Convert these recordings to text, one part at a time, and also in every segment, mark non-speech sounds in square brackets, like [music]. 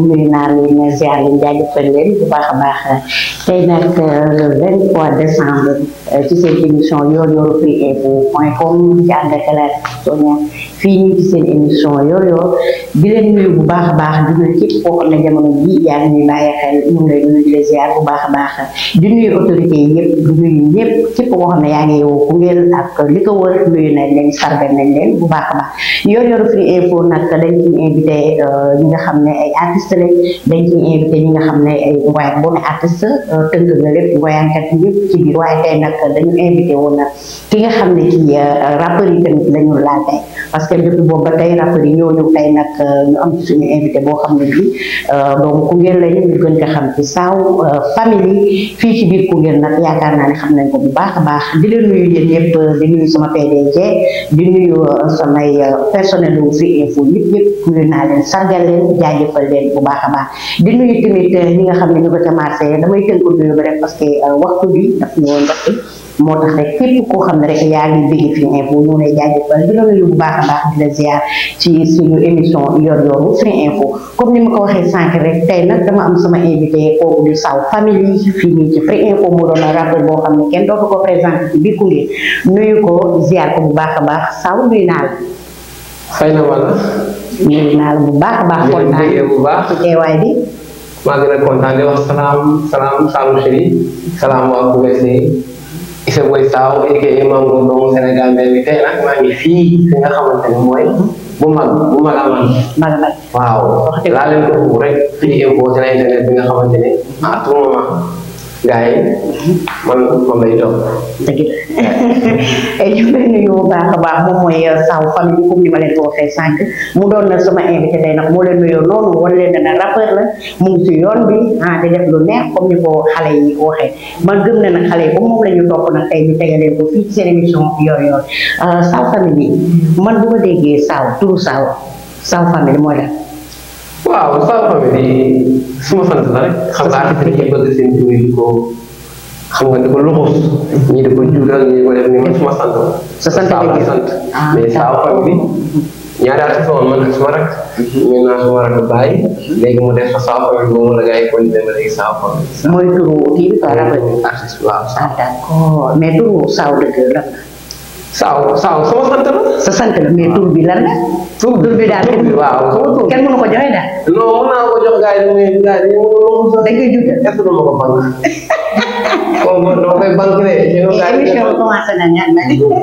nuyu naa leen ziar leen jaajëfal leen bu baax baax tey nag euh, le 23 décembre euh, ci seen émission Yoor Yooru Prix Infos point com ci ànd ak Sonia fii ñu ci seen émission Yoor di leen nuyu bu baax a baax di nuyu képp koo yaa ngi ñuy bàyyi xel a baax di ak li ko wër nuyu nañ leen leen bu baax a baax Yoor Yooru nag dañ euh, nga xam ne euh, ci biir euh, tamit la laal tey parce que boobu tey rappeurs yi ñoo nag ñu euh, am ci suñu invité boo xam ne bii euh, doomu Koungheul la ñu gën ko xam ci saaw euh, famille fii ci biir Koungheul nag yaakaar naa ne xam nañ ko bu baax a baax di leen nuyu yéen ñëpp di nuyu sama PDG di nuyu samay personnel wu Fii Info yëpp yëpp nuyu naa leen sargal leen jaajëfal leen bu baax a baax di nuyu tamit ñi nga xam ne ñu ko ca marché damay tënk nuyu bi rek parce que waxtu bi daf ñëwoon ndox moo tax rek képp koo xam ne rek yaa ngi bëgg fi info ñu ngi lay jaajëfal di la nuyu bu baax a baax di la ziar ci suñu émission yor yoru fi info sànq tey nag dama am sama invité kooku ci Firi Info moo doon rappel boo xam ne kenn dootu ko présenté ci biir Koungheul nuyu ko ziar ko bu baax a baax saw nuyu naa la. fay na wala. nuyu naa la bu baax a baax. kontaan bu baax salaam salaam Saalum Chéri salaam Issa Saw aka Mango doomu Sénégal mbay mi tey nag fii fi nga xamante ni mooy bu mag bu mag a mag mag mag waaw laa leen ko rek fii nga xamante ne à tout gaa yi man man lay toog. dëgg la lay a baax moom mooy Sow ma leen ko waxee mu doon na sama invité tey nag moo leen nuyoo noonu mu ngi si yoon bi ah di def man gëm na nag xale yi comme moom la ñu topp fii ci seen émission Yoor Yoor Sow famille man bu ma déggee Sow turu Sow Sow famille mooy la. waaw Sall Famille bi su sant la rek xam nga artiste dañuy bëgg seen tur di ko luxus ñii di ko di ko def ni man su sant la. sa sant ah, la mais Sall Famille ñaari artiste man ak suma rak ñu mhm. naan suma rak bàyyi mhm. léegi mu def Sall Famille moom la gars yi kon demee léegi Sall Famille. mooy turu kii bi quoi ah, mais turu Sall dëgg la. saw saw sama santan sesantan me tur bilar na tur tur beda ken waaw sama tur ken mënu ko joxe da no na ko jox gaay mu ngi gaay mu lu sa da ngay jukk est lu mako bank ko mo no koy bank re ñu gaay ni ko commencé na ñaan na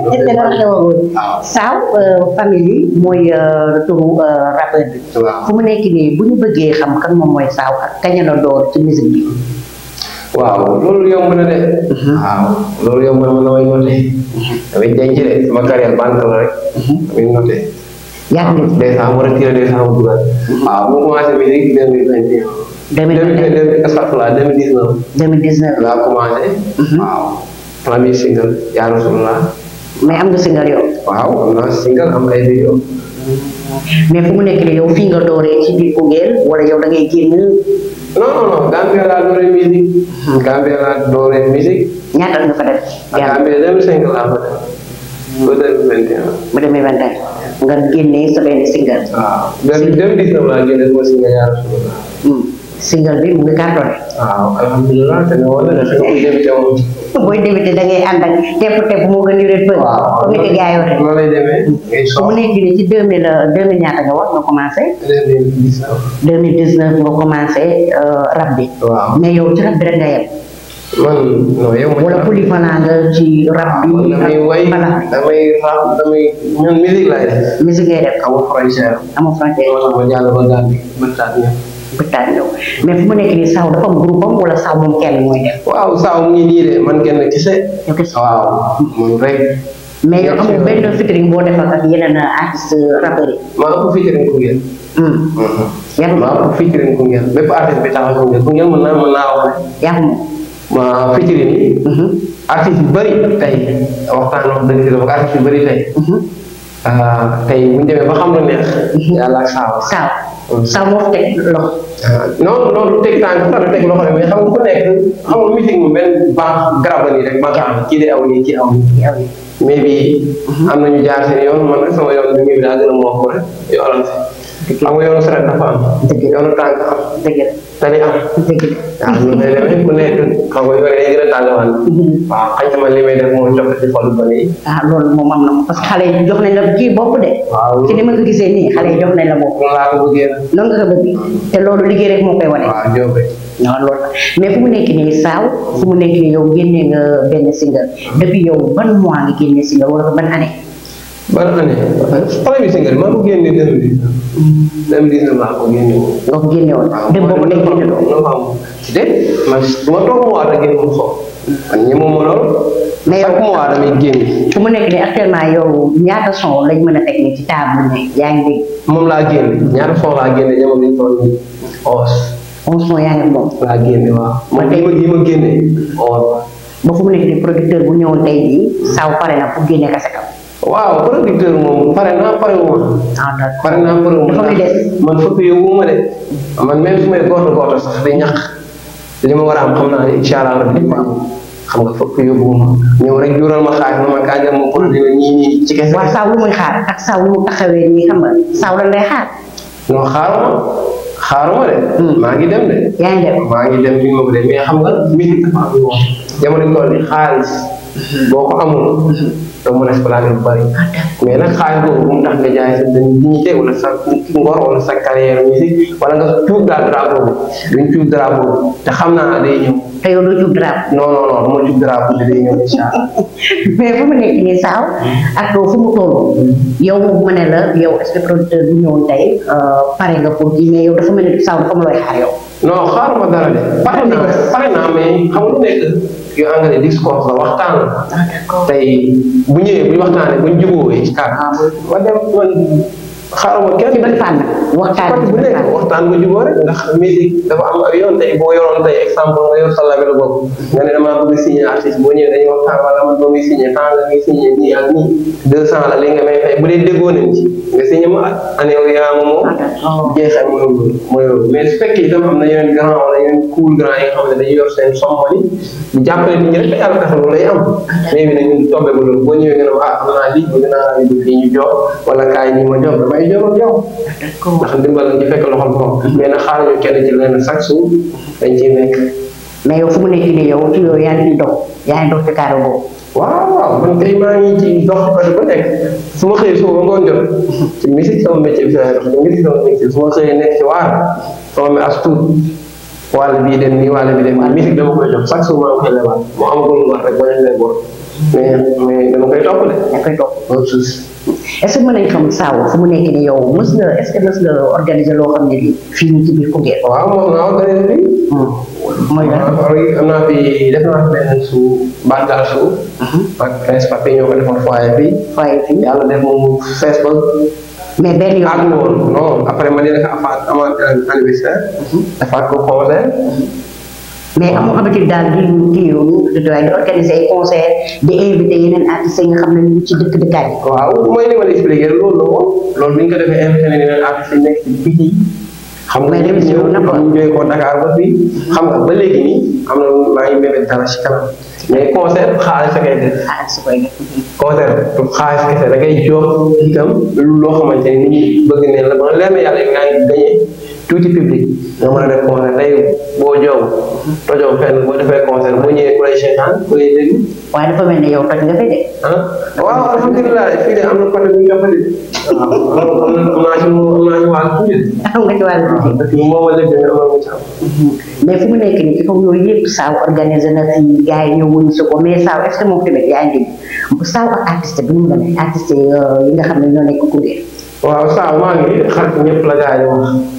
té la xew woon saw family moy turu rappeur bi fu mu nekk ni bu ñu bëggee xam kan mom moy saw ak kaña la door ci musique bi Mhm. waaw loolu yomb na de. waaw loolu yomb na man damay noté. Mhm. damay denc de sama carrière banque la rek. Mhm. damay noté. yaa ngi nekk décembre mu retiré décembre mu dugal. waaw mu commencé musique deux mille vingt et un. deux mille vingt deux mille dix neuf laa commencé. waaw premier single yaa rasulullah mais am nga single yow. waaw am naa single am ay vidéo mais fu mu nekk nii yow fii nga dooree ci biir Koungheul wala yow da ngay génn. non non non Gambia laa dooree musique. Gambia laa dooree musique. ñaata nga fa def. yàlla Gambia 2005 laa fa def. ba 2021. ba 2021 nga génnee sa benn single. waaw 2019 laa génne sama single yàlla single bi mu ngi gàttoon. waaw alhamdulilah te nga wane ne fi nga koy tepp tepp moo gën yore pël. comme ni ko gars yi waxee. loolu lay nga commencé. rab bi. mais yow ci rab bi rek nga yem. wala poli fanaa nga ci rab bi. damay way damay rab damay ñun musique def. musique ngay def. amul frontière. amul frontière. wala ma jàll ba Gambie peut-être ñëw mais fu mu nekk nii saw dafa am groupe am wala saw moom kenn mooy def. waaw saw mu ngi nii de man kenn kese. yow ya, kese waaw moom rek. mais yow ya, amul benn featuring boo defal ak yeneen artiste rappeur yi. maa ëpp featuring ku ngeen. yaa maa ëpp featuring ku ngeen bépp artiste bi taxaw ku ngeen ku ngeen mën naa mën naa wax. yaa ko ma artiste artiste ba xam lu neex. sa moom teg loxo. Ah, non loolu teg tànk sax teg loxo rek mais xam nga ku nekk xam nga musique mu benn baax garab la nii rek ma gaaw kii day aw nii kii aw nii. bi mhm. am nañu jaar seen yoon man sama yoon bi muy daa gën a mokk rek yoolal si. amul yoonu saret dafa am. dëgg la yoonu tànk am. dëgg la tali am. dëgg la waaw ñun day demee ku nekk xam nga yore yi gën a tàngawaal. waaw xaj na li may def mooy jox ci xolu bëri yi. ah loolu moom am na moom parce que xale yi jox nañ la kii bopp de. waaw ci ni ma ko gisee nii xale yi jox nañ la bopp. noonu laa ko bëggee nag. noonu nga ko bëgg te loolu liggéey eh, rek moo ah, koy wane. waaw ñoo koy. non loolu mais fu mu nekk nii saaw fu mu nekk nii yow génne nga benn single depuis yow ban mois nga génne single wala ban année. ban année. premier single maa ko génne deux mille même dina maa ko ma man bu mu nekk nii actuellement yow ñaata son lañ mën a teg nii ci table ne yaa ngi dégg. moom laa génne ñaata son laa génne ñoom ñu ngi toll nii onze. onze son yaa ngi moom. laa génne waaw. man tey ma génne. ba fu mu nekk nii producteur bu ñëwoon tey jii. saw pare na pour génne kasetam. waaw producteur moom pare naa ah, pare ma. pare naa pare ma man fukki yow wu ma de man même su may góorlu góorlu sax di ñàkk li ma war a am xam naa ne nga fukki yow wu ma ñëw ma xaar ma kaa jëm ma produit ñii ñii ci kese. waaw saa wu muy nii xam nga saa wu lan xaar. non xaaruma xaaruma de. maa ngi dem de. yaa ngi dem maa ngi dem bi ma de mais xam nga mbir mi dafa xaalis boo ko amul. doo mën a exploiter bu bëri mais nag xaalis boobu bu nga jaay sa dignité wala sa ngor wala sa carrière nga cuub daal drapeau bi duñ cuub drapeau bi te xam naa day ñëw. te yow doo cuub drapeau. non non non dama cuub drapeau bi day ñëw tey pare nga pour ji mais yow dafa mel ni saaw dafa ma looy xaar yow. non xaaruma dara de. pare naa pare naa mais xam nga yu anglais discours la waxtaan la ah, tey bu ñëwee bu ñu waxtaanee bu ñu jubóowee ah ma dem man xaaral ma kenn ci ban fànn waxtaan bu nekk waxtaan bu jubóo rek ndax musique dafa am ak yoon tey boo yoroon tey exemple nga yor sa label boobu nga ne damaa bëgg signé artiste boo ñëwee dañuy waxtaan wala man boo muy signé temps la ngay signé nii ak nii deux cent la li nga may fay bu dee déggoo nañ ci nga signé ma ak ah, année yow yaa ma moom jeexal mooy loolu mooy loolu mais su fekkee itam am na yeneen grand wala yeneen cool grand yi nga xam ne dañuy yor seen somme ni di jàppale nit ñi rek yàlla tax loolu lay am mais bi nañu tombé ba loolu boo ñëwee nga ne ah am naa lii bëgg naa ñu jox wala kaay ñi ma jox ay yoon ak yow. ndax ji fekk loxol borom. mais nag xaaral ñu kenn ci lenn chaque jour dañ ciy nekk. mais yow fu mu nekk nii yow yaa ngi dox yaa ngi dox ci carré boobu. waaw man kay maa ngi ci dox côté ba nekk su ma xëyee suba ba ngoon jot ci musique sama métier bi laay dox nekk ci waar sama mi as tuut bii dem nii wàll bi dem nii musique dama koy jox chaque maa ngi koy lebal mu amagul war rek ba ñu lay mais mais dama koy topp de. dama koy topp loolu suuf est mën nañu xam saaw fu mu nekk nii yow mës nga est mës nga organiser loo xam ne lii fii nii ci biir Koungheul. waaw moom naa fi def moom mais benn yoon ak woon non ma ne la amaat amaat anniversaire. ko concert. mais amoo habitude daal di kii di doy di organiser ay concert di invité yeneen nga xam ne ñu ci dëkk dëkkaat waaw mooy li ma expliqué loolu loolu bi ñu ko defee invité nañ yeneen ci biti mais concert xaalis da def. xaalis koy concert xaalis kese jox itam lu loo xamante nit ñi bëgg ne la ba leer na yàlla ngaa ngi tuuti public nga mën a def concert tey boo jow tojoo fenn boo defee concert boo ñëwee ku lay seetaan ku nga fi de. xam ne ñoo nekk kuréel. waaw saaw maa ngi xarit ñëpp la gars yi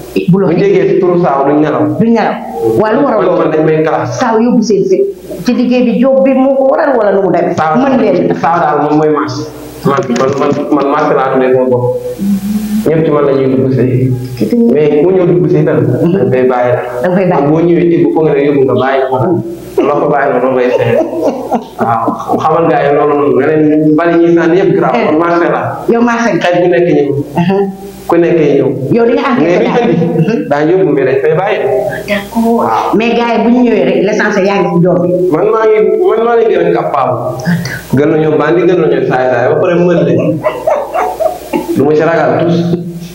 bu loolu bu ñu déggee turu saaw duñ nelaw. duñ nelaw waaye lu war a loolu dañ may kalaas. saaw yóbbu seen seen ci liggéey bi jóg bi moo ko waral wala nu mu demee. mën leen saaw daal moom mooy marché. man man man marché laa tuddee sama bopp ñëpp ci man la ñuy dugg si. mais ku ñëw dugg si itam. da ngay bàyyi la. da ngay bàyyi boo ñëwee ci bu foog ne yóbbu nga bàyyi ko loo ko bàyyi noonu lay seet waaw xamal gars yi loolu noonu nga leen bari ñuy sànni yëpp garaaw. kon marché la. yow marché xeet bu nekk ñëw. ku nekkee ñëw. yow di nga enquête daal daa yóbbu mi rek fay bàyyi. d'accord mais bu ñu ñëwee rek yaa ngi ci man maa ngi man maa ngi gën a capable. gën nañoo bandi gën nañoo saay saay ba pare mën leen lu ma ci ragal tous.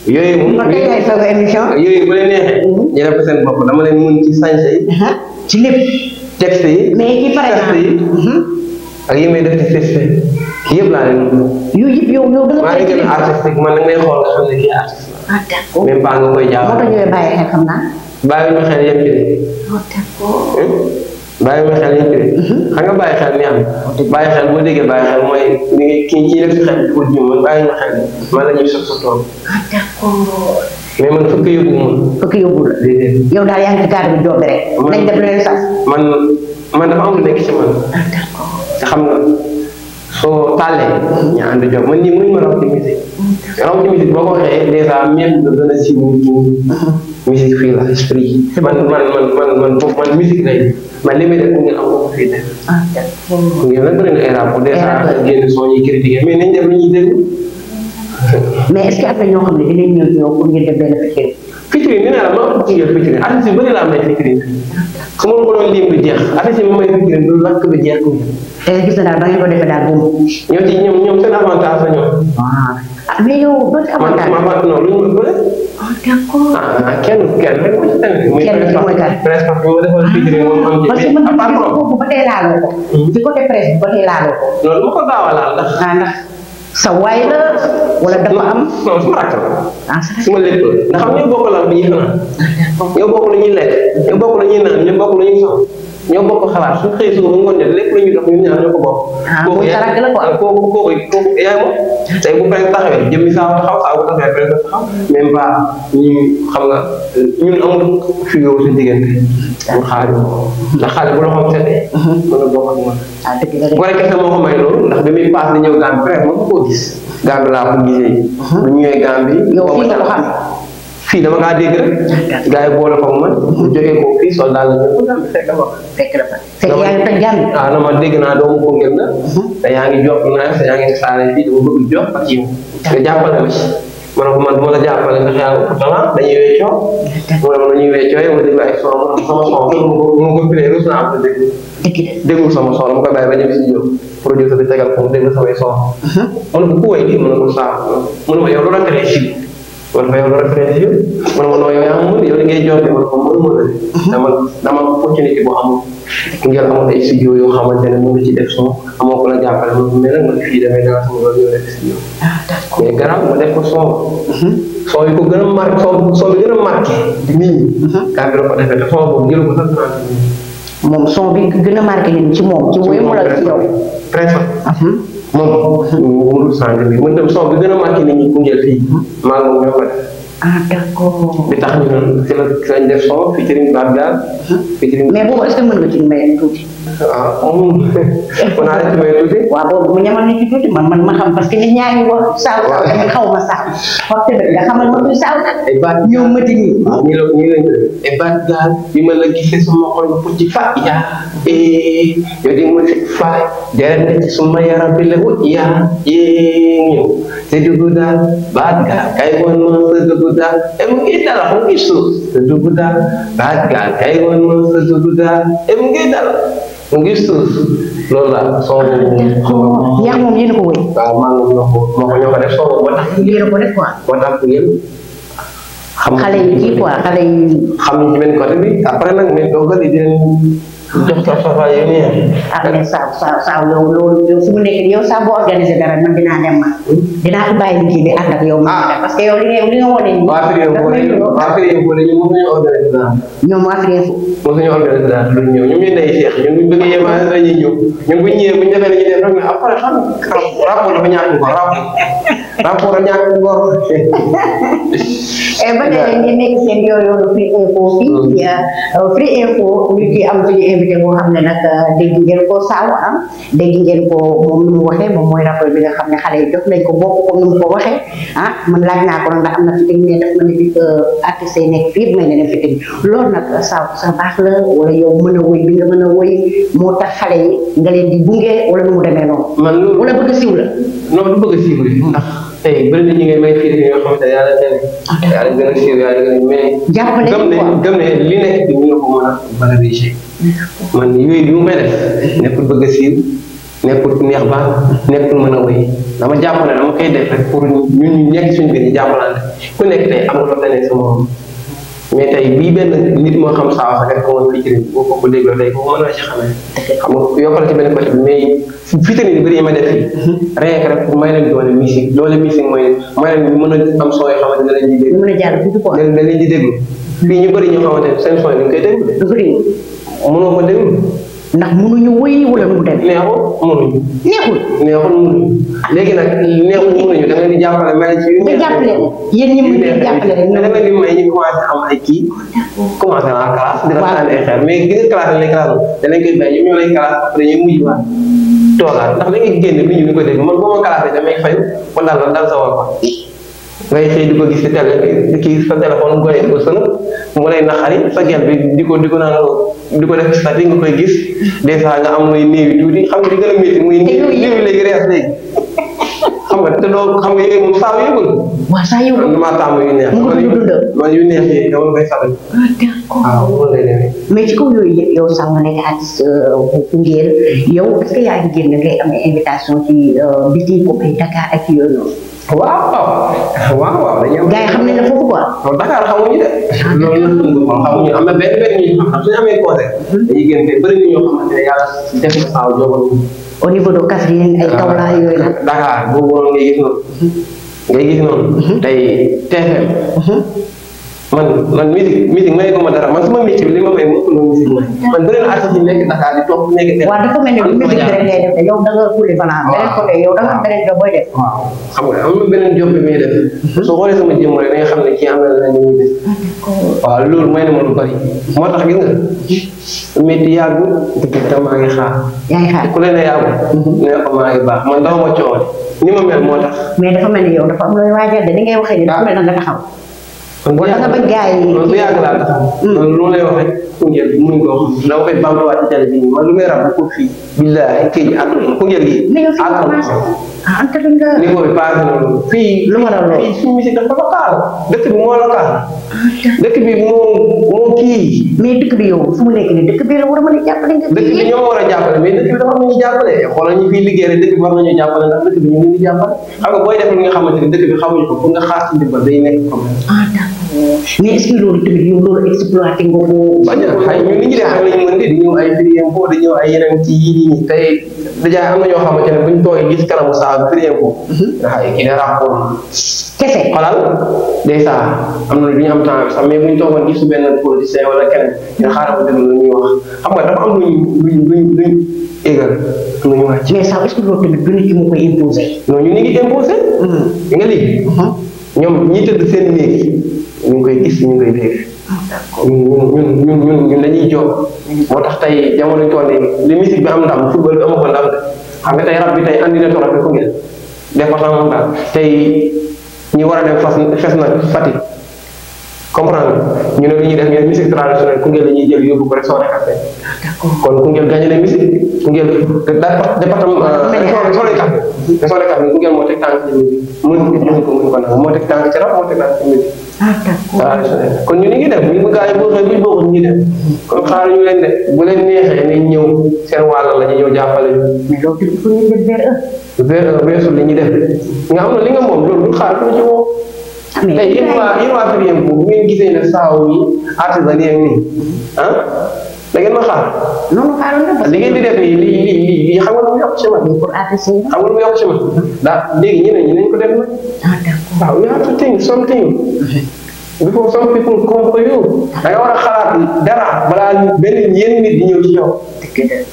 yooyu moom kon tey yaay soog émission. yooyu bu leen neexee. Mhm. ñu def seen bopp dama leen mën ci sañse uh-huh. ci lépp. texte yi. mais ki par exemple yi. Mhm. ak yi may def ci CSP. yëpp laa leen. yooyu yëpp yow yow danga. maa ngi gën a artistique man da ngay xool nga xam ne kii artiste la. ah d'accord même pas nga koy jaawale. moo tax ñooy bàyyi xel xam naa. Ah, hmm? mhm. kii kii la fi xel pour ñu man bàyyi ñu xel man man fukki ma. fukki am lu ah, xam nga. soo tàllee ñu ànd jox man nii mënuñ ma raw ci musique raw ci musique boo ko waxee dèjà même lu a siiw musique fii la esprit man man man man man man musique may def mu ngi am ah, ko ngi nag bëri na ay mais nañ def lu ñuy mais est am na ñoo xam ne dinañ ñëw ñëw pour ñu def benn fitiri nee naa la ma ci fitiri artiste yu bëri laa may fitiri fitiri eh, ko defee daal moom. ñoom la ñoom. ah mais yow ban avantage man man non ba tey laaloo ko. Hmm? ci côté presse ko. loolu ma ko gaaw a laal ah, sa waay la wala dafa am. non su ma rakk la. ah su ma lépp la ndax xam ah. yow bokk la bi ñuy xanaa. ñoo bokk lu ñuy lekk ñoo bokk lu ñuy naan ñoo bokk la ñuy soxla. ñoo bokk xalaat suñ xëy suba mu ngoon jot lépp lu ñuy ñu ah, xam nga ñun amul fi mhm. bokk ak man. ah ñëw Gambie presque mën koo gis. Gambie laa gisee. ñu mhm. ñëwee Gambie. nga xam fii dama kaa dégg rek. gars yi boole ko man. jógee ko fii soldat la ñu. fekk na fekk na fa. fekk yaa ngi toj jàmm. ah non man dégg naa doomu ko ngeen na. Mhm. te yaa ngi jox naa te yaa ngi saare fii dama bëgg jox ak yow. nga jàppale ma ci. ma ne ko man ma la jàppale ndax yaa ngi pourtant dañuy weccoo. mu ne ma dañuy weccoo yow dégg ay soxla ma sama soxla ma ko ma ko firee rus naa ko dégg. déggul sama soxla ma koy bàyyi ba ñëw si jóg. produit bi tegal ko mu dégg samay soxla. Mhm. ma ne ko ku way kii ma ne ko saa ma ne ma yow loolu la kon fa yow loolu rek man ma noo ma mën mën dama dama opportunité boo amul ngir amul ay studio yoo xamante ne moom ah, mais nag mhm. loolu son. son ko a marqué mhm. son son bi gën a marqué nit ñi. daa gën a ko defee te son boobu jël ko sax moom son bi gën a marqué nit ci moom. ci moom mu mengurus saja nih mendem so gitu nama kini ni punya malu nyaman ada kok kita kan sila sila jelas so pikirin bagdad pikirin mebo pasti kan menurut Om, menarik dua itu sih. Wah, bu, menyaman itu tuh cuma pasti nyanyi wah kau masak. Waktu berda kamu mau tuh sal. Hebat. Yo medini. Milo Hebat kan? Gimana lagi semua orang ya. Eh, jadi musik Dan semua ya Rabbi lewu ya. Yeng. Jadi budak badga. Kayak wan masa mungkin dalam mungkin su. Budak badga. Kayak wan mungkin dalam mu gis loolu la soo ko. ñax moom yéen ko wéy. waaw ngi ñoo moo ko ñoo ko def soo ko tax. yéen ko def quoi. moo tax yéen. xam xale yi kii quoi xale yi. xam ci benn bi après nag mais doog a di leen. Udah sapa ini ya. Akhirnya sa sa sa lo lo lo sebenarnya dia sa bo organisasi garan man dina Pas kayak uling uling ngomong ini. yang boleh. Akhirnya yang boleh nyumnya organisasi. Nyum akhirnya. Maksudnya organisasi lu nyum nyum ini sih. Nyum nyum bagi yang mana aja nyum. punya dari jadi orang apa kan rapor lo banyak gua rapor. Rapor banyak gua. Eh benar ini sendiri lo free info ya. Free info wiki am free invité boo xam ne nag euh, ko saaw ah dégg ko moom nu mu waxee moom mooy bi nga xam ne xale yi jox ko bokk ko nu ko waxee ah ma ne bi euh, artiste yi nekk fii may ne ne fitting loolu nag euh, saaw sa baax la wala yow mën a woy bi nga mën a woy moo tax xale yi nga leen di gunge wala nu mu demee noonu. man bëgg a siiw la. non bëgg a siiw la. tey bëri na ñu ngi may fii nii yoo xamante ne yàlla ah, gën a. a siiw yàlla a mais. jàppale ko gëm a valoriser. man yooyu bi mu koy def nekkul bëgg a siiw nekkul neex ba nekkul mën a wéy dama jàpp ne dama koy def rek pour ñu nekk suñu biir ñu jàppalante ku nekk tey am nga moo xam saa wax rek moo fi jëriñ boo ko ko dégloo tey a ci xamee bëri yi ma def fii mhm. rien que rek may leen doole a am a jàll di déglu fii ñu bëri ñoo xamante ne seen son yi dañ koy mënoo ma déglu. ndax mënuñu wéy wala mu dem. neexul mënuñu. neexul. léegi nag neexul mënuñu da ngeen di jàppale ma ci. ñu jàppale di may ñu commencé am ay kii. commencé a classe. dina sànni ay xeer mais gis nga ñu mujj ndax da ngay génne lu ñu ko dégg man boo ma classé damay fay wala dal sa war ngay xëy di ko gis ci télé di kii sa téléphone gone di ko sën mu lay naxari sa gel bi di ko di ko naan di ko def statut nga koy gis des fois nga am muy néew yi tuuti xam nga di gën a métti muy néew yi léegi rees léegi xam nga te doo xam nga yooyu moom saa yëgul. waaw saa yëgul man damaa taamu yu neex. man ci kaw yooyu yëpp yow sax nga nekk artiste bu Koungheul que yaa ngi génn ngay am invitation ci biti comme ay Dakar ak yooyu noonu. waaw xam nañ ne foofu ko xamuñu benn benn ñu xam suñu amee côté. au niveau de Kaffrine ay Kaolack yooyu la. Dakar ngay gis noonu. ngay gis noonu. tey TFM. man man musique musique maye ko ma dara man sama métier bi li ma may moom mooy musique may man bëri na artiste yi nekk di toog nekk teel. waaw dafa yow da nga nga am beneen job booy def. waaw na beneen job bi muy mhm. mhm. ma lu bari moo tax gis nga métti maa ngi xaar. ku leen a yàggu. Mhm. ne ko maa ngi baax man dama ma coowal ni ma mel moo tax. mais dafa mel ni yow dafa am looy waajal de ni ngay waxee dafa mel na nga taxaw danga bëgg gaa yi bu yàgg laa taxaw loolu lay wax rek Koungheul muñ ko la waxee bamtuwaat ci télé bi man lu may rab ko fii billaay kii atuma Koungheul gi atuma ni ko paase fii lu ma la fii suñu musique dafa ko kaal dëkk bi moo dëkk bi moo moo kii mais dëkk bi yow fu nekk nii dëkk bi la war a mën a jàppale nga dëkk bi ñoo war a jàppale mais dëkk bi dafa am nañu jàppale xoolal ñu fii liggéey rek dëkk bi war nañu jàppale dëkk bi ñu ngi jàppale xam nga booy def li nga xamante ni dëkk bi xamuñu ko pour nga xaar ci ndimbal day nekk mais est-ce que loolu tamit yow loolu exploité a xay ñu nit de xam ay firiyem ko di ay yeneen ci yii am na ñoo xamante ne buñ toogee gis kanamu saa firiyem mhm. ko. nga xay kii ne rapport. kese xolal day saa am na lu ñu am temps sax mais ñu xaaral ko dem lu ñu lu ñu lu ñu égal am na ñu ci. mais saa est-ce que mhm. nga léegi. Mhm. ñoom ñi tëdd seen néeg ñu ngi koy gis ñu ngi koy dégg. ñun ñun ñun ñun dañuy jóg. moo tax tey jamono ñu toll nii li bi am ndam football bi amoo ko xam nga tey rab bi tey andi na torop bi ku ngeen département tey ñi war a dem fas fes na Fatick. comprendre ñu ne li ñuy def ñu ne musique traditionnelle Koungheul la ñuy jël yóbbu ko rek soo rekaté kon Koungheul gagné na musique Koungheul département soo lay tax soo lay tax Koungheul moo teg tànk ci musique mënuñ ko mënuñ ko mënuñ ko nag moo teg tànk ci rap moo teg tànk ci musique ah, traditionnelle kon ñu ni ngi def ñu bu gars yi boo xëy bu ñu bokkul ñu ngi def kon xaar ñu leen de bu leen neexee nañ ñëw seen wàll la ñu ñëw jàppale ñu vers vers li ñuy def nga xam ne li nga moom loolu du xaar ko ci woo tey yéen waa yéen waa Firiyeem bu ngeen gisee ne saaw yi artisan yi ak nii ah da ngeen xaar. noonu xaaroon di def nii li li li li xam mu yokk ci man. pour artisan yi mu yokk ci man. léegi ñeneen ñi nañ ko def nag. ah d'accord waaw you have to think something. before da nga war a xalaat dara balaa ñëw ci yow.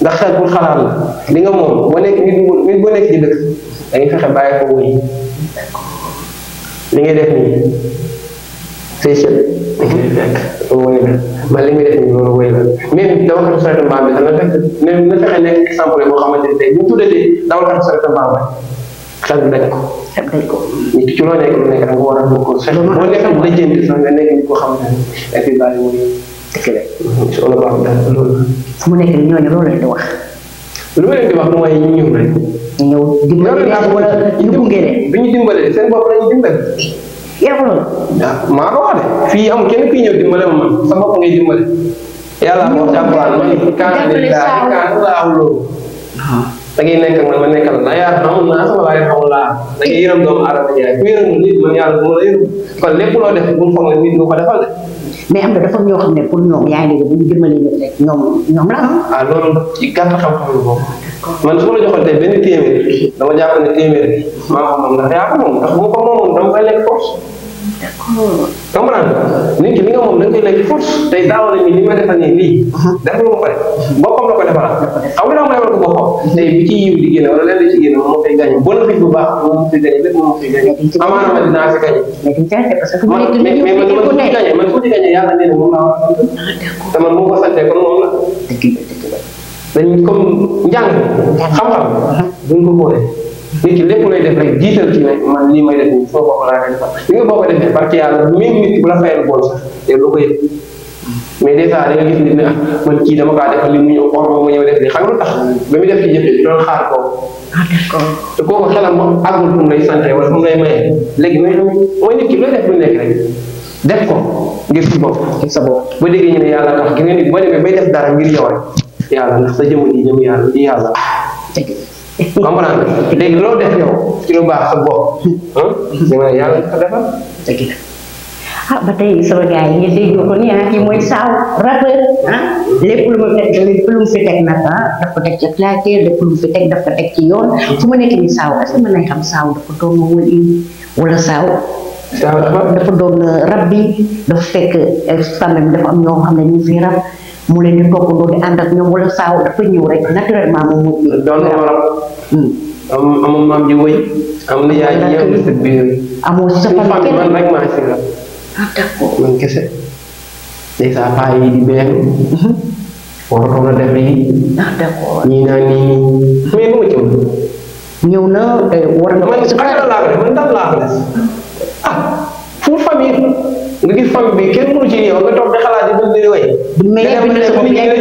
ndax xel pour xalaat la. li nga moom boo nekk nit boo nekk ci dëkk da fexe bàyyi ko li ngay def nii say sët dañuy fekk wéy la man li ngay def nii loolu wéy la même dawalkatu saretu mbaam bi na fekk même na fexe nekk exemple ne tey bu ñu tuddee dawalkatu saretu mbaam bi xel bi daj ko. xel daj nga war a ko seet boo nga nekk nit ko ne et puis bàyyi mooy nii ñooñu loolu lu leen di wax mooy ñu ñëw rek ñëw dimbali wala ñu gunge de bi ñu dimbali seen bopp la ñu dimbali yàlla loolu maa ko wax de fii am kenn kuy ñëw dimbali ma sa bopp ngay dimbali yàlla moo jàppal ma ni kaan lillahi kaan laahu da ngay nekk man ma nekkal na yaa xamul naa sama waaye xamul laa da ngay yërëm doomu aadama jaay ku yërëm nit man yàlla du ma la yërëm kon lépp loo def bu mu foog nit nga ko defal mais am na dafa ñoo xam ne pour ñoom yaa ngi dégg bu ñu jëmmalee nit rek ñoom ñoom la am. Ah, ci gàtt xam-xam lu man su ma la joxoon benn téeméer dama jàpp ne téeméer maa ko moom ndax yaa moom ndax bu ko moomoon dama koy lekk force. comprendre nit ki li nga moom da nga koy lekk force tey daawale ni li ma defal nii lii. def lu ma pare boppam la ko a xam nga daa ko boppam. tey bi ci yiw di génne wala lenn ci génne moom moo koy gaañ bénéfice bu baax moom moo koy gaañ lépp moom moo koy gaañ. amaana ma dinaa fi gaañ. mais mais man man fu ci man fu ci gaañee yàlla nee moom laa a sant. te man moo ko santee kon moom la. dañ comme njàng xam-xam buñ ko xoolee. nit ki lépp lay def rek jiital ci ne man lii may def nii soo ko laa def li nga boo ko nit bu la fayal bon sax ah, kii dama kaa li mu ñëw xor ma ñëw def li xam lu tax ba mu def ci jëf doon xaar kooku ah, te kooku xelam moom àggul fu mu lay sant wala léegi mooy nit ki looy def lu nekk rek def ko ngir si bopp ngir sa bopp ba déggee ñu ne yàlla tax gis nga nit boo demee bay def dara ngir yow rek yàlla ndax sa jëmm ji yàlla ji yàlla comprendre léegi loo def yow ci lu baax sa bopp. ñu ne yàlla la ah ba tey ci claqué lépp ma nekk nii saaw est xam saaw dafa doon wala wala saaw. dafa doon rab bi dafa fekk famille dafa am ñoo xam ne ñu fi rab. mulai leen di toppandoo di ànd ak ñoom wala saaw dafa ñëw rek naturellement mu mujj. doon na waral. am am maam ji wëy. am na yaay ji yow sa biir. amoo si sa fan kenn man rek maa si la. ah d'accord man kese. dèjà paa yi di benn. warutoon a def lii. ah d'accord ñii naa nii mais nu ma ci woon. ñëw na war na. man xayma laa ko man dal laa ah pour famille. nga gis fang bi kenn mënu ci ñëw nga toog di xalaat di dund di way. mais yaa ngi fi bopp yaa ngi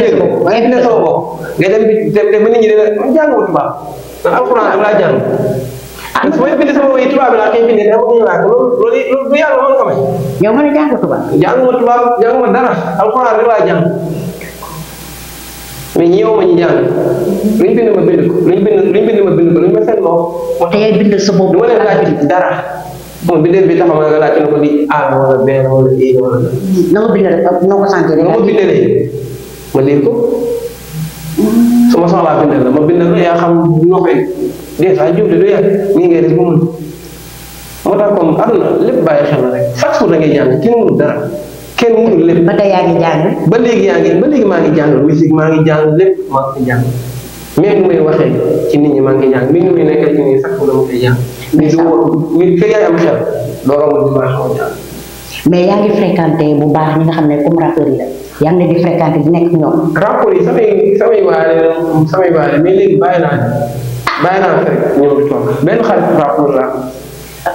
fi sama bopp nga dem bi dem ba nit ñi de la man jàngu tubaab man alxuraan laa jàng. ah su ma bind sama way tubaab bi laa koy bindee dama ko ñëwaat loolu loolu loolu du yàlla mën ko may. yow man jàngu tubaab. jàngu ma tubaab jàngu ma dara alxuraan rek laa jàng. mais ñëw ma ñu jàng luñ bind ma bind ko luñ bind luñ bind ma bind ko luñ ma seetloo. te yaay bind sa bopp. du ma leen laaj dara. bindel bi taxaw nga laaj ko di a wala b wala i wala na ma kan? bindal na ko sànq nga ma bindalee ma hmm. lii ko sama ma la bindal la ma bindal la ya xam ñoo koy des fois jubli du ya ni ngay def mo mun moo tax comme aduna lépp bàyyi xel rek chaque fu da ngay jàng kenn mënul dara kenn mënul lepp ba da yaangi ngi jàng ba léegi yaangi ba léegi ma ngi jàng musique ma ngi jàng lepp ma ngi jàng mais nu may ci nit ñi ma ngi jàng mi nu may ci nit ñi sax dama koy jàng mais du nit fekk yaay am xel doo romb dimension ñaar. mais yaa ngi fréquenté bu baax ñu nga xam ne comme rappeurs yi la yaa ngi leen di fréquenté di nekk ñoom. rappeurs yi samay samay waale samay waale mais léegi bàyyi naa bàyyi naa fekk ñoom di toog benn xarit rappeur laa.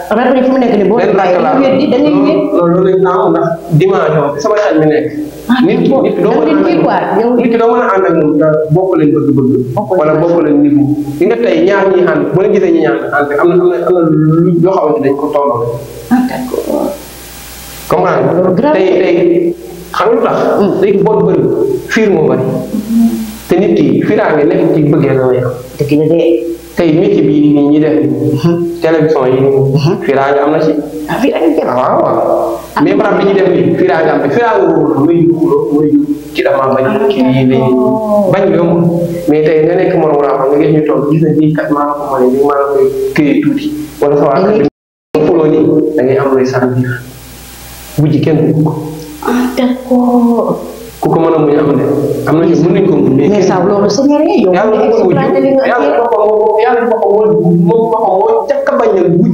rek ni fi mu nekk nii boo. di da ngay sama xel mi nekk. Ah, nit nit a nit doo mën a ànd ak moom bokk leen bëgg-bëgg. wala bokk leen nit ñi nga tey ñi ànd bu la gisee ñi ñaar ànd am na am na am na lu loo xamante dañ ko tolloo. ah d'accord. tey tey xam tax. day hmm. boot bëri fiir moo bëri. Hmm. te nit ki fiiraange nekk ci bëggee la lay am. dëgg la tey métier bi nii ñuy def télévision yi firage am na ci. ah firage yi kenn waaw waaw. Ah. mais maanaam li ñuy def nii firage am na firage woowu muy muy ci dama bañ kii yi lañuy ah. bañ yomb mais tey nga nga gis ñu toog gis na maa ko mën nii maa koy téye tuuti wala sa waa kat bi fuloo nii da ngay am looy sentir bu ji kenn ko. Ah, ku ko mën a muñ am de am na ñu mënuñ ko muñ. mais sax loolu sa njëriñ yow. yàlla ko ba yàlla ko ko woon moom ko woon jàkka bañal bu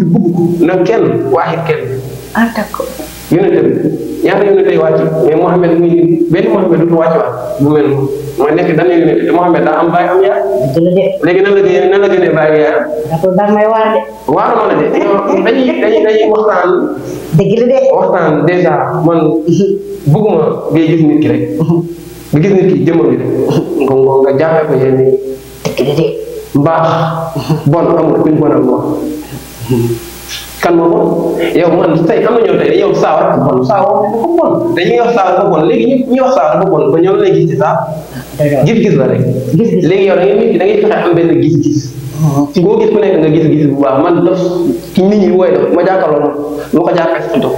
ju kenn waaxit kenn. ah d'accord. yonente ñaata yonente yi wàcc mais Mouhamed muy nit benn Mouhamed du wàcc waat bu mel noonu mooy nekk dana yonente te Mouhamed daa am bàyyi am yaay. léegi nan la gën nan la gën a bàyyi yaay. d'accord daan may waar de. waar ma la [laughs] waxtaan. dëgg de. waxtaan dèjà man. bëgguma ngay gis nit ki rek. nga gis nit ki jëmmam bi rek. nga nga nga jàppee ko yenn mbaax. bon amul kuñ bon am wax. kan moo bon yow man tey am na ñoo tey dañuy wax saawa dafa bon saawa bon dañuy wax saawa dafa bon léegi ñu ñuy ba ñoom lay gis ci saa. gis-gis la rek. gis yow da ngay nit da ngay fexe am benn gis-gis. ci boo gis ku nekk nga gis-gis bu baax man daf nit ñi wooy ma jàkkaarloo ma ma ko jàkkaarloo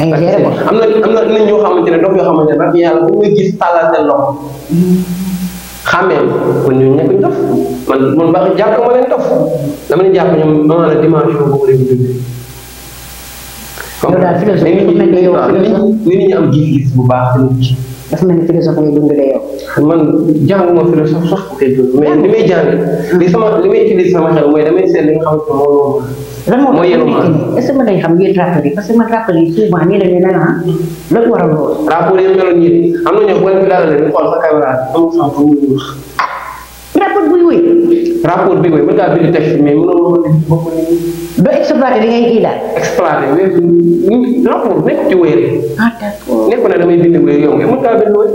ay géré am na am na nit ñoo xamante ne dof yoo xamante ne rek yàlla bu muy gis tàllal seen loxo xàmmee kon ñooñu nekkuñ dof man man baax jàpp ma leen dof dama leen jàpp ñoom ma la dimanche boobu rek dund yow daal philosophie am gis-gis bu baax dafa mel ni philosophie nga dund de yow man jànguma philosophie sax peut être mais li may jàng li sama li may utiliser sama xel mooy damay seet li nga xamante moom moo lan moo est ce que mën nañu xam yéen rappeurs yi parce que man rappeurs yi souvent nii la ñu ne ah loolu waral loolu. rappeurs yi meloon ñi am na ñoo boo fi daal leen xool sa caméra amul sens amul lu wax. rapport buy wéy. rapport bi wéy mën ngaa bind texte mais mënoo mën a def bopp nii. doo exploité li ngay kii daal. exploité wéy rapport nekk ci wéy. ah d'accord nekkul ne damay bind wéy yow mën ngaa bind wéy.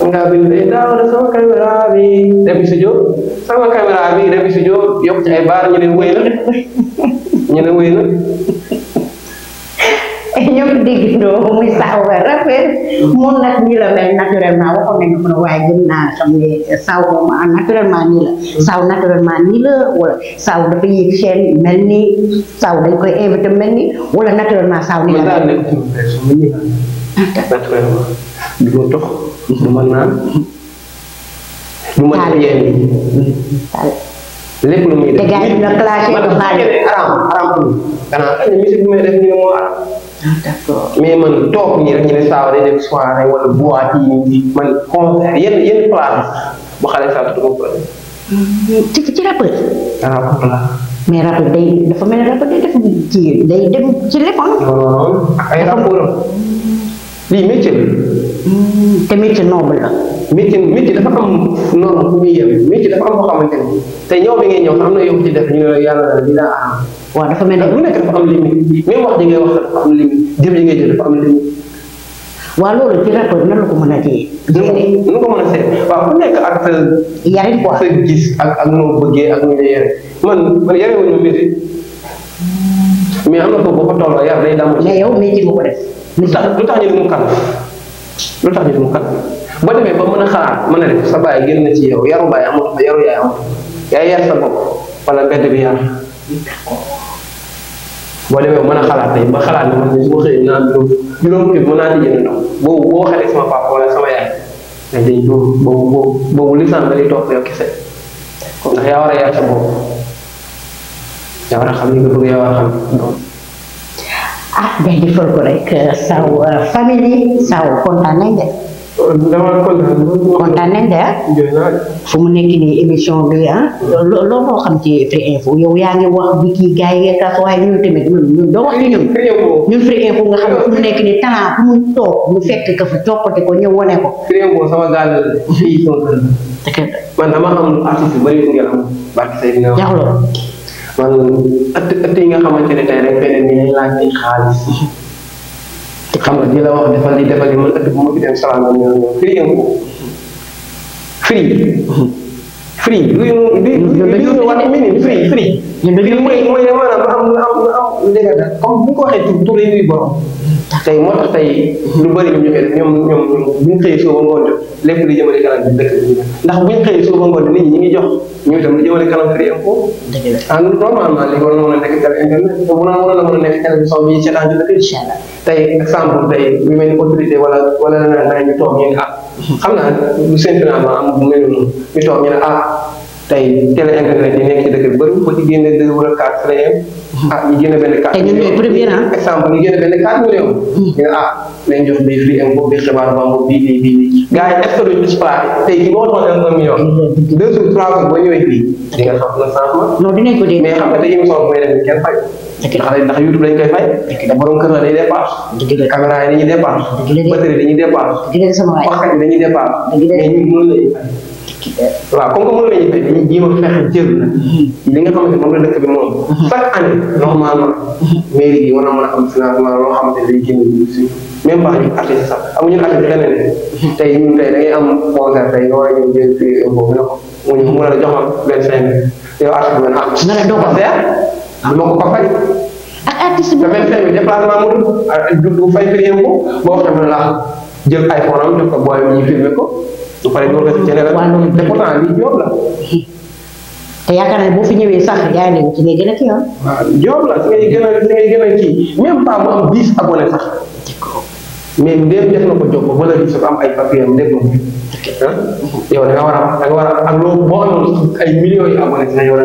nga bind daaw na sama caméra bi dem bi studio sama yokk ci ay baar ñu ne wéy na ñu ne wéy na ñëpp déggandoo muy saw ba rafet moom nag nii la mel naturellement ko waaye gën naa xam ne saw ah, naturellement nii la saw naturellement nii la wala saw dafa yéeg mel ni saw dañ koy invité mel ni wala naturellement saw nii la mel. Ah, naturellement di ko tox. Numanna Numan yeen lepp lu muy def gaay na classé ko xal aram aram kana ni musique bi may def ni mo aram d'accord mais man tok ni rek man concert yenn yenn place bu xalé sa tu ko ci ci rappeur rappeur la mais rappeur day dafa mel rappeur day def ci day dem lii métier mm. te métier noble la métier métier dafa am noonu fu muy yem métier dafa am koo xamante ni xam yow ci def ne yàlla lu nekk dafa wax ji ngay a téye. jëlee nu ko mën a seet waaw ku nekk ak sa. yarin quoi sa gis ak ak bëggee ak ñu la man man yare wuñu métier mm. mais am na ko tolloo yar day damm. mais yow métier nga ko def. lu tax lu tax ñu ne mu kan lu tax ñu ne mu kan boo demee ba mën a xalaat mën a def sa baay génn ci yow yaru baay amatu yaru yar sa bopp bi yar boo demee a yaa war a yar sa bopp yaa war a xam li nga bëgg yaa war a xam ah day jëfal ko rek saw famille saw kontaan de. damaa de ah? fu mu nekk nii émission bi ah. xam ci Firi Infos yow yaa ngi wax bi kii gars yi ak waaye ñun ñun ñun doo wax ci ñun. ñun Firi Infos nga xam fu mu nekk nii talent fu mu toog mu fekk ka fa coppate ko ñëw wane ko. Firi Infos sama dama am artiste yu bëri yu ngeen am. barke man ëtt ëtt yi nga xamante ne tey rek beneen ñi laaj xaalis xam nga di la wax defal li defal li man ëtt bu ma fi dem salaam firi yëngu firi free luy luy wax mini free free mooy mooy maanaam am am am léegi nag comme bu ko waxee tur tey moo tey lu bëri ñu ñëwee ñoom ñoom ñoom bu ñu xëyee ndax bu ñu xëyee suba ngoon nit jox ñu itam lu jëmale kanam free na mën a nekk télé a nekk télévision bi seetaan ci ni autorité wala wala leneen da xam naa lu seen financement am bu mel noonu ñu toog ñu ne ah tey télé internet yi nekk ci dëkk bi bëri ba ci génne deux wala quatre ah ñu génne benn carte. ñu ñooy premier ah. exemple ñu génne benn carte ñu hmm. ne ah nañ jox bay firi impôt bi xibaar bambo bii bii bii. gars yi est-ce que duñ bis pare tey jii boo toogoon un million. deux jours trois jours boo ñëwee fii. di xam na changement. non dinañ ko dégg. mais xam nga tey émission bi mooy kenn fay. ndax ndax YouTube dañ koy fay. dëgg la borom kër la dañuy dépasse. dëgg la caméra yi dañuy dépasse. dëgg la batterie dañuy dépasse. dëgg la sama waay waaw comme que mën nañu ko dañuy jéem jël mm-hmm. li nga xamante moom la bi moom. Mm-hmm. chaque année normalement. Mm-hmm. mairie bi war na mën a am financement loo xamante ne day génn si même pas ñu artiste sax amuñu artiste tey ñun tey da am concert tey nga war a ñëw jël prix boobu ne ko a jox benn cinq mille yow ah, ko fay ah. boo ay forum Ufarengo general que jobla te yaakaar ne boo fi ñëwee sax que la que a si me gën a kii même que mu am 10 abonné sax. mais ndéem def na ko job ba valeur yo su am ay papier de ndéem na yow da nga a da nga a ak ay millions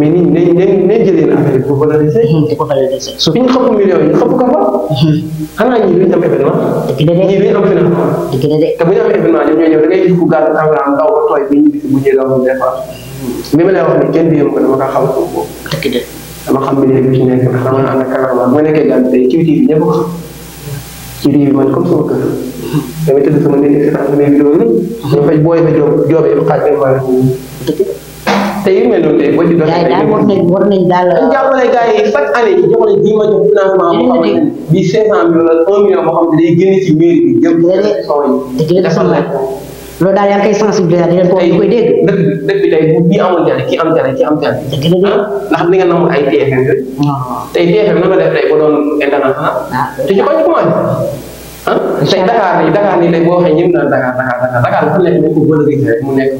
mais nit ñi dañ dañ dañ a na affaire bi pour valoriser. di fi ñu xëpp million yi ñu xëpp ko fa. Mhm. xanaa ñii duñ am événement. bu ñu amee événement ñoom ñoo ñëw da ngay gis ku gàddu tàngaam daw bi ñu bis bu ñu defar. ma lay wax nii kenn ko dama kaa xam ko boobu. dëgg la dama xam milieu bi ci nekk ndax dama ànd ak caméra bu ma nekkee gàddu tey ci TV mhm. tëdd sama néeg si sama vidéo yi. Mhm. booy fa joob joobee xaaj te yu mel noonu tey boo ci doxee. gars yi war nañ war nañ daal. dañ jàppale gars yi chaque année ñu jox leen ji ma jox financement boo xamante ne bii 500 millions la 1 million boo xamante ne day génn ci mairie bi jëm. dëgg la loolu daal yaa ngi koy sensibiliser di leen ko koy dégg. dëkk dëkk bi tey bu kii amoon jàll kii am jàll kii am jàll. dëgg la dëgg ndax ni nga namm ay TFM yooyu. tey TFM na ma def tey ba doon international. te ñu bañ a commencé. ah tey Dakar nii Dakar nii tey boo waxee ñëpp naan Dakar Dakar Dakar Dakar dafa nekk mu nekk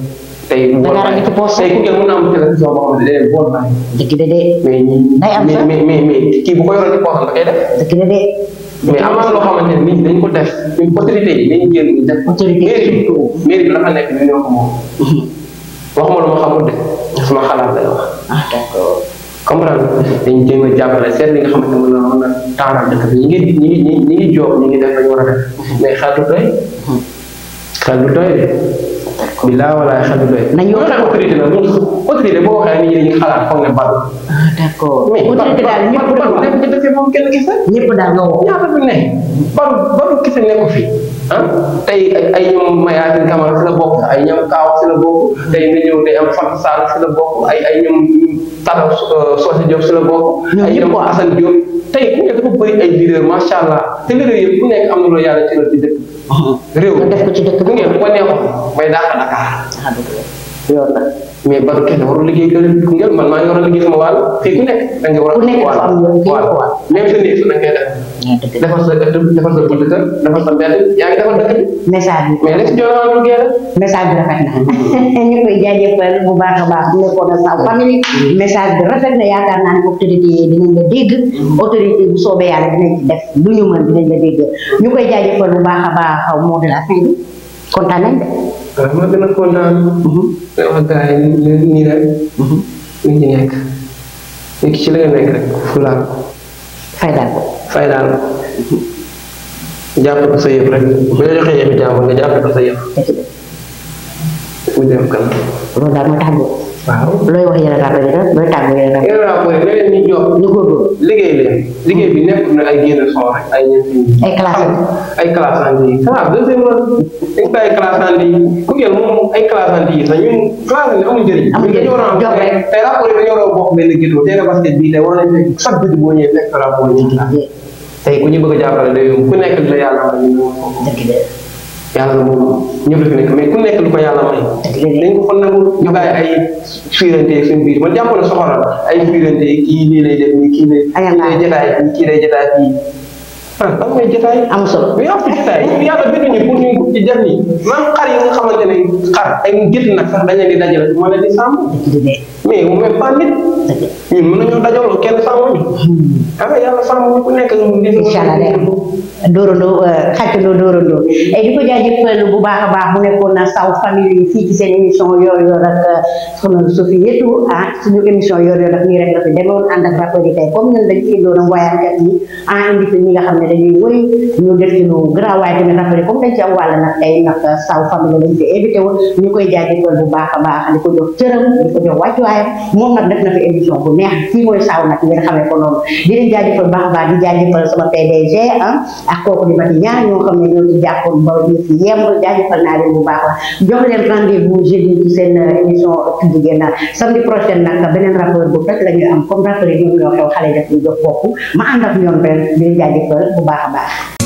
tey mbool bàyyi tey ku mën na am télévision boo xam ne de. mais mais mais kii bu ko def. dëgg la de. mais am na loo xamante ne nit ñi dañ ko def ñun autorité yi dañ génn la dañ jéem a jàppale seet li nga xamante ne mën na mën a taaral dëkk ngi def la war a def mais xel du doy. xel du doy de. bilaa walaay xam doy. nañu wax loolu autorité la ñun autorité boo waxee nit ñi dañuy xalaat foog ne bal. d'accord autorité daal ñëpp daal moom kenn daal nga wax ñaata ne balu balu kese nekku fi. ah tey ay ñoom mayaatin kamal si la bokk ay ñoom kaaw si la bokk tey nga ñëw day am fat saal si la bokk ay ay ñoom tala soose job si la bokk ay ñoom asan job tey ku nekk dafa bëri ay leader masha allah te leader yëpp ku nekk am na loo yàlla ci la ci dëkk réew def ko ci dëkk bu ngeen ko neexoon bay daaxa Dakar yoon na mais ba kenn warul liggéey gën a ngel man maa ngi war a sama wàll fii ku nekk da nga war a wàll même sa néeg sa da ngay def defar sa ëtt defar sa bunt kër defar sa mbedd yaa ngi defar dëkk bi. message bi mais li si joxe woon Linguère. message bi rafet na. Mm-hmm. [laughs] ñu koy jaajëfal bu baax a baax nekkoon ak sa famille. message bi rafet na yaakaar naa ne autorité yi dinañ la dégg. Mm-hmm. autorité bu soobee yàlla dinañ ci def lu ñu mën dinañ la dégg ñu koy jaajëfal bu baax a baax moo de la fin bi kontaan nañ de. waaw ah, ma gën a kontaan. Mm-hmm. wax gars yi nii rek. ñu ngi ci nekk. léegi ci la nga nekk rek fulaal. faydaal ko. fay daal jàpp ko sa yëf rek bu la joxee yëfi jàmbur a bi nekk na ay génn son rek ay ñeent ay classe ay classe en ligne. classe deuxième la dañ ay classe en ligne ku ngeen moom ay classe en ligne sax ñun classe yi amul njëriñ. amul njëriñ jox rek tey rapport yi dañoo war a bokk bi tey war nañu chaque bés boo ñëwee yi tey ku ñu bëgg a jàppale day ku nekk li la yàlla may ñu moom ko. dëgg la. yàlla nekk mais ku ko yàlla may. dëgg la dañ ko fa nangu ñu ay fiirante seen biir man jàpp na soxoral ay fiirante kii nii lay def nii kii lay. ay lay kii. lan mooy jotaay am solo mais am jotaay yàlla bindu ñu pour ñuy ci jëm ni man xar yi nga xamante xar ay git nag sax dañ leen di dajal moo leen di sàmm mais mu mel pas nit ñun mën nañoo dajaloo kenn sàmm ñu xam yàlla sàmm ku nekk mu def incha allah day am dóorandoo xàccandoo dóorandoo et bu baax baax mu na saw famille ci yor ak Sophie ah suñu émission yooyu yor ak nii rek la fi demoon ànd ak rapport yi tey comme ñun dañ ci doon ah indi ñi nga dañuy wëy ñu def ci lu grand waaye tamit rafetlu comme dañ ci am nag ay nag saw famille koy jaajëfal bu baax a nag def na fi émission bu neex kii mooy saw a la jox leen rendez-vous jeudi ci seen émission ëttu jigéen na samedi prochain beneen rappeur bu fekk la am comme rappeur yi ñoom xale def ñu jox bokk ma ànd ak ñoom ren di leen jaajëfal bu baax a